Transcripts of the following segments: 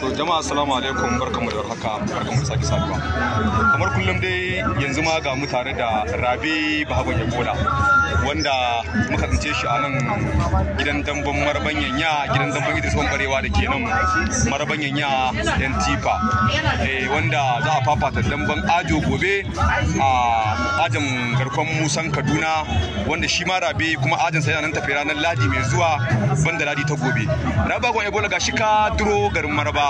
to jama'a assalamu alaikum barkamu da warhaka barkamu da sake saduwa kamar kullum dai yanzu ma ga mu tare da rabe bahagon yabola wanda muka tsince shi a nan gidan damban marabanyan ya gidan damban idris barewa da ke nan marabanyan ya yan tifa eh, wanda za a fafata damban ajo gobe a ajin garkon musan kaduna wanda shi ma rabe kuma ajin sai nan tafi ranar ladi mai zuwa banda ladi ta gobe rabagon yabola ga shi ka duro garin maraba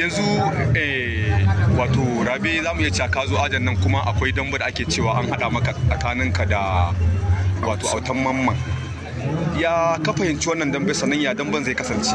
yanzu eh, wato rabi za mu iya cewa ka zo ajan nan kuma akwai damba da ake cewa an haɗa maka tsakaninka da wato autan mamman ya ka fahimci wannan dambe sannan ya damban zai kasance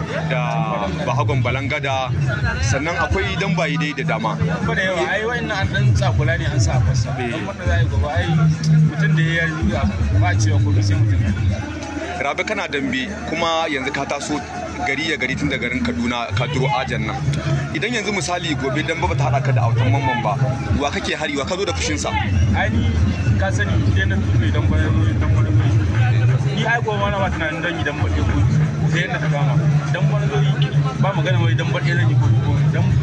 da bahagon balangada sannan akwai dan bayi dai da dama ba da yawa ai wayannan an dan tsakula ne an sa fasa eh. dan wanda za a yi gaba ai mutum da ya yi ba cewa ko sai mutum rabe kana dambe kuma yanzu ka taso gari ya gari tun da garin kaduna ka duro ajan nan idan yanzu misali gobe dan ba ta hada ka da autan mamman ba wa kake hari wa ka zo da fushin sa ai ka sani idan na ya zo bayan dan ni ai gobe na ba tunanin dan idan ba da yadda ka kama dan ban zo yi ba magana wai dan ban irin ko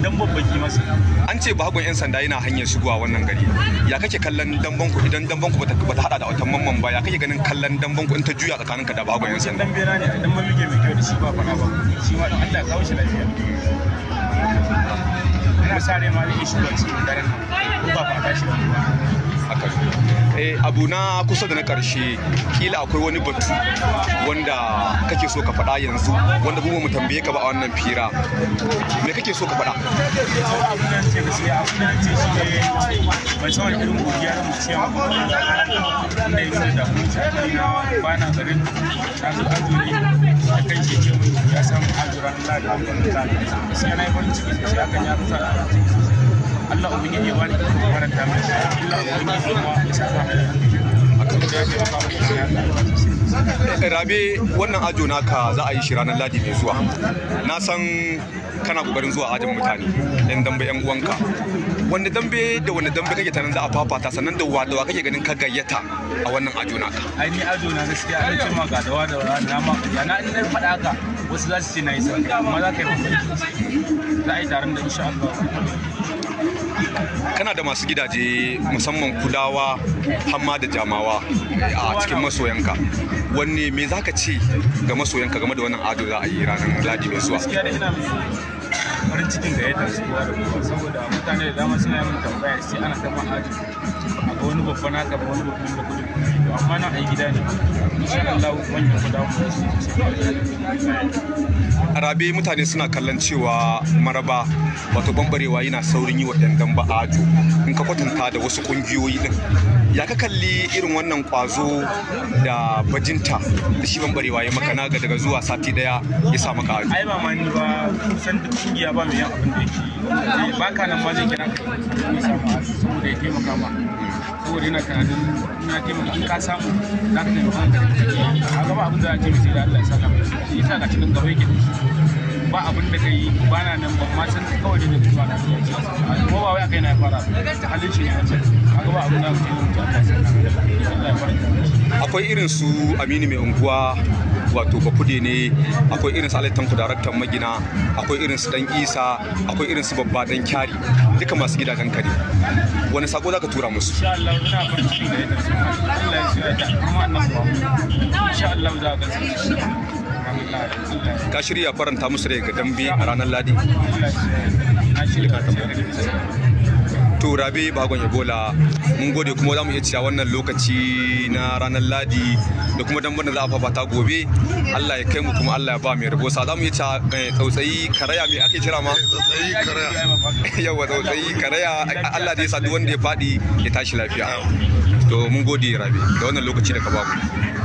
dan babbaki masa an ce bahagon yan sanda yana hanyar shigowa wannan gari ya kake kallon damban ku idan damban ku bata hada da watan mamman ba ya kake ganin kallon damban ku in ta juya tsakanin ka da bahagon yan sanda dan bera ne dan ban mike mai kyau da shi ba fara ba shi ma Allah ya kawo shi lafiya ina sa rai ma zai shigo cikin daren nan ba fata shi ba haka Eh, abu na kusa da na karshe kila akwai wani batu wanda kake so ka faɗa yanzu wanda kuma mu tambaye ka ba a wannan fira me kake so ka faɗa ya samu ajiyar na yi farin ciki Allah ubangiji ya bani iko faranta mai Allah ubangiji kuma ya saka mai rabe wannan ajo naka za a yi shi ranar ladi mai zuwa na san kana kokarin zuwa ajin mutane yan dambe yan uwanka wanda dambe da wanda dambe kake tanan za a fafata sannan da wa da wa kake ganin ka gayyata a wannan ajo naka ai ni ajo na gaskiya an ce ma ga da wa da wa na ma ya na in faɗa ka wasu za su ce na yi sarki amma za ka yi za a yi taron da insha Allah kana da masu gidaje musamman kulawa hamma da jamawa a cikin masoyanka wanne me za ka ce ga masoyanka game da wannan ado za a yi ranar ladi mai zuwa farin cikin da ya dama suna tambaya sai ana to mutane suna kallon cewa maraba wato bambarewa yana saurin yi wa yan gamba ajo in ka kwatanta da wasu ƙungiyoyi din ya ka kalli irin wannan ƙwazo da bajinta da shi bambarewa ya maka naga daga zuwa sati daya ya sa maka ajo ai ba ma ni ba san kungiya ba mai abin da yake ba ka nan ma zai kira ka saboda ya taimaka ma saboda yana taimaka in ka samu za ka taimaka ka a gaba abin da ce sai da Allah ya saka mai cikin gaba yake ba abin da ba na nan ba ma san kawai da kuma ba wai akai na fara halin shi ne a gaba abin da Allah ya akwai irin su Aminu mai unguwa wato ba kudi ne akwai irin su ku daraktan magina akwai irin su dan isa akwai irin su babba dan kyari duka masu gidajen kare wani sako zaka tura musu insha Allah ina barci da yadda su Allah ya shirya da amma nan insha Allah za ka ka shirya faranta musu rai ga dambe a ranar ladi to rabe bagon ebola mun gode kuma za mu iya cewa wannan lokaci na ranar ladi da kuma dan da za a fafata gobe allah ya kai mu kuma allah ya ba mu rabo sa za mu iya cewa eh, tsautsayi karaya mai ake kira ma tsautsayi karaya yawa tsautsayi karaya allah da ya sa duk wanda ya faɗi ya tashi lafiya to mun gode rabe da wannan lokaci da ka ba mu